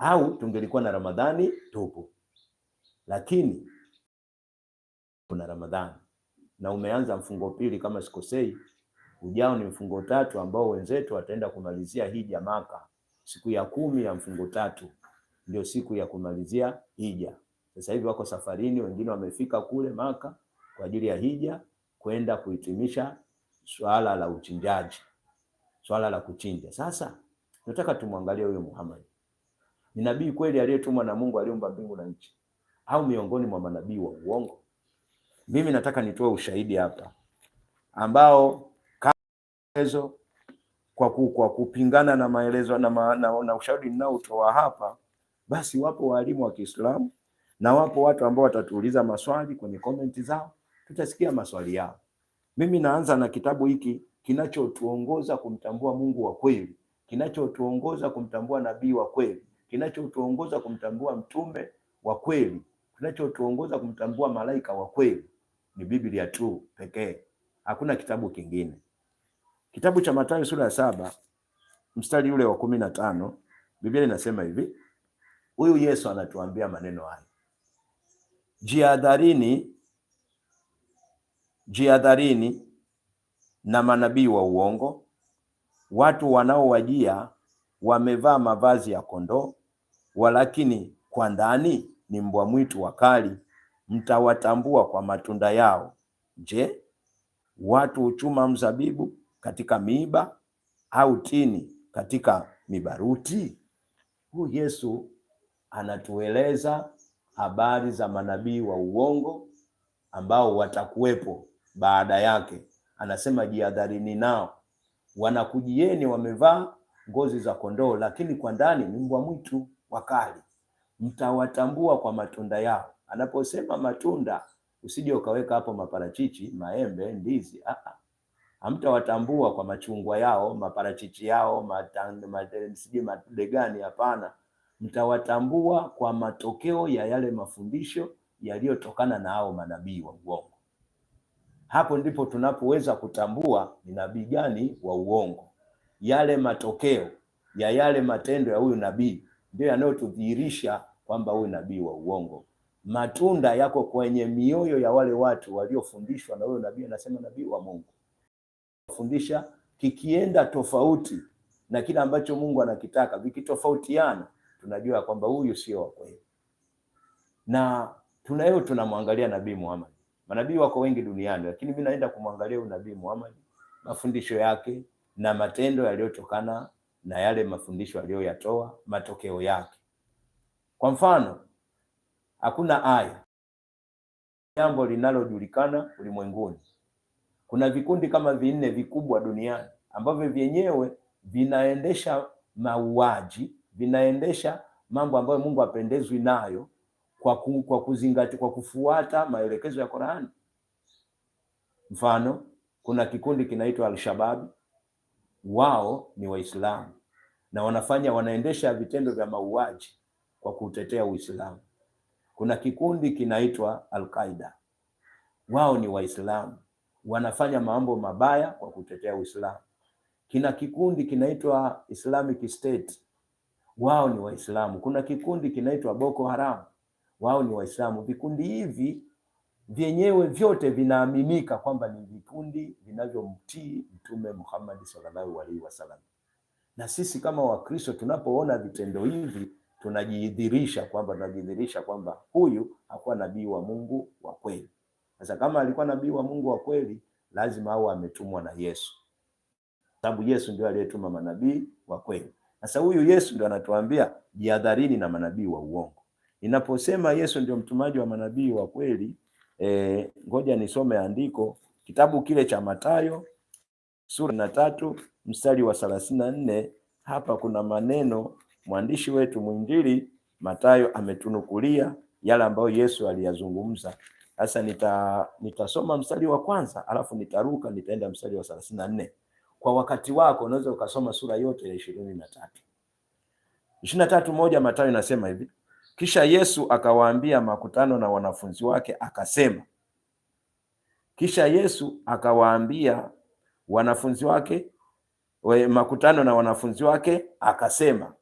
au tungelikuwa na Ramadhani tupo, lakini kuna Ramadhani na umeanza mfungo pili kama sikosei, ujao ni mfungo tatu ambao wenzetu wataenda kumalizia hija Maka. Siku ya kumi ya mfungo tatu ndio siku ya kumalizia hija. Sasa hivi wako safarini, wengine wamefika kule Maka kwa ajili ya hija kwenda kuhitimisha swala la uchinjaji, swala la kuchinja. Sasa tunataka tumwangalie huyo Muhammad ni nabii kweli aliyetumwa na Mungu aliumba mbingu na nchi, au miongoni mwa manabii wa uongo? Mimi nataka nitoe ushahidi hapa ambao kazo kwa, ku, kwa kupingana na maelezo na, ma, na, na ushahidi ninaotoa hapa, basi wapo waalimu wa Kiislamu na wapo watu ambao watatuuliza maswali kwenye komenti zao, tutasikia maswali yao. Mimi naanza na kitabu hiki kinachotuongoza kumtambua Mungu wa kweli, kinachotuongoza kumtambua nabii wa kweli kinachotuongoza kumtambua mtume wa kweli, kinachotuongoza kumtambua malaika wa kweli ni Biblia tu pekee, hakuna kitabu kingine. Kitabu cha Mathayo sura ya saba mstari ule wa kumi na tano Biblia inasema hivi, huyu Yesu anatuambia maneno haya, jiadharini, jiadharini na manabii wa uongo, watu wanaowajia wamevaa mavazi ya kondoo, walakini kwa ndani ni mbwa mwitu wakali, mtawatambua kwa matunda yao. Je, watu huchuma mzabibu katika miiba au tini katika mibaruti? huu Yesu anatueleza habari za manabii wa uongo ambao watakuwepo baada yake. Anasema jihadharini nao, wanakujieni wamevaa ngozi za kondoo, lakini kwa ndani ni mbwa mwitu wakali, mtawatambua kwa matunda yao. Anaposema matunda, usije ukaweka hapo maparachichi, maembe, ndizi. Ah, Hamtawatambua kwa machungwa yao, maparachichi yao, sijui matunde gani? Hapana, mtawatambua kwa matokeo ya yale mafundisho yaliyotokana na hao manabii wa uongo. Hapo ndipo tunapoweza kutambua ni nabii gani wa uongo, yale matokeo ya yale matendo ya huyu nabii ndio yanayotudhihirisha kwamba huyu nabii wa uongo. Matunda yako kwenye mioyo ya wale watu waliofundishwa na huyo nabii, anasema nabii wa Mungu fundisha, kikienda tofauti na kile ambacho Mungu anakitaka, vikitofautiana, tunajua kwamba huyu sio wa kweli. Na tunayo tunamwangalia nabii Muhammad. Manabii wako wengi duniani, lakini mimi naenda kumwangalia huyu nabii Muhammad, mafundisho yake na matendo yaliyotokana na yale mafundisho aliyoyatoa matokeo yake. Kwa mfano, hakuna aya jambo linalojulikana ulimwenguni. Kuna vikundi kama vinne vikubwa duniani ambavyo vyenyewe vinaendesha mauaji, vinaendesha mambo ambayo Mungu apendezwi nayo kwa ku, kwa kuzingatia, kwa kufuata maelekezo ya Qur'ani. Mfano, kuna kikundi kinaitwa al wao ni Waislamu na wanafanya wanaendesha vitendo vya mauaji kwa kutetea Uislamu. Kuna kikundi kinaitwa Al-Qaida, wao ni Waislamu, wanafanya mambo mabaya kwa kutetea Uislamu. Kina kikundi kinaitwa Islamic State, wao ni Waislamu. Kuna kikundi kinaitwa Boko Haram, wao ni Waislamu. Vikundi hivi vyenyewe vyote vinaaminika kwamba ni vikundi vinavyomtii Mtume Muhammad sallallahu alaihi wasallam. Na sisi kama Wakristo tunapoona vitendo hivi tunajidhirisha kwamba tunajidhirisha kwamba huyu hakuwa nabii wa Mungu wa kweli. Sasa kama alikuwa nabii wa Mungu wa kweli, lazima au ametumwa na Yesu, sababu Yesu ndio aliyetuma manabii wa kweli. Sasa huyu Yesu ndio anatuambia jihadharini na manabii wa uongo. inaposema Yesu ndio mtumaji wa manabii wa kweli Eh, ngoja nisome andiko kitabu kile cha Mathayo sura na tatu mstari wa thelathini na nne. Hapa kuna maneno mwandishi wetu mwinjili Mathayo ametunukulia yale ambayo Yesu aliyazungumza. Sasa nita nitasoma mstari wa kwanza alafu nitaruka nitaenda mstari wa thelathini na nne. Kwa wakati wako unaweza ukasoma sura yote ya ishirini na tatu ishirini na tatu moja Mathayo inasema hivi kisha Yesu akawaambia makutano na wanafunzi wake akasema, kisha Yesu akawaambia wanafunzi wake we, makutano na wanafunzi wake akasema,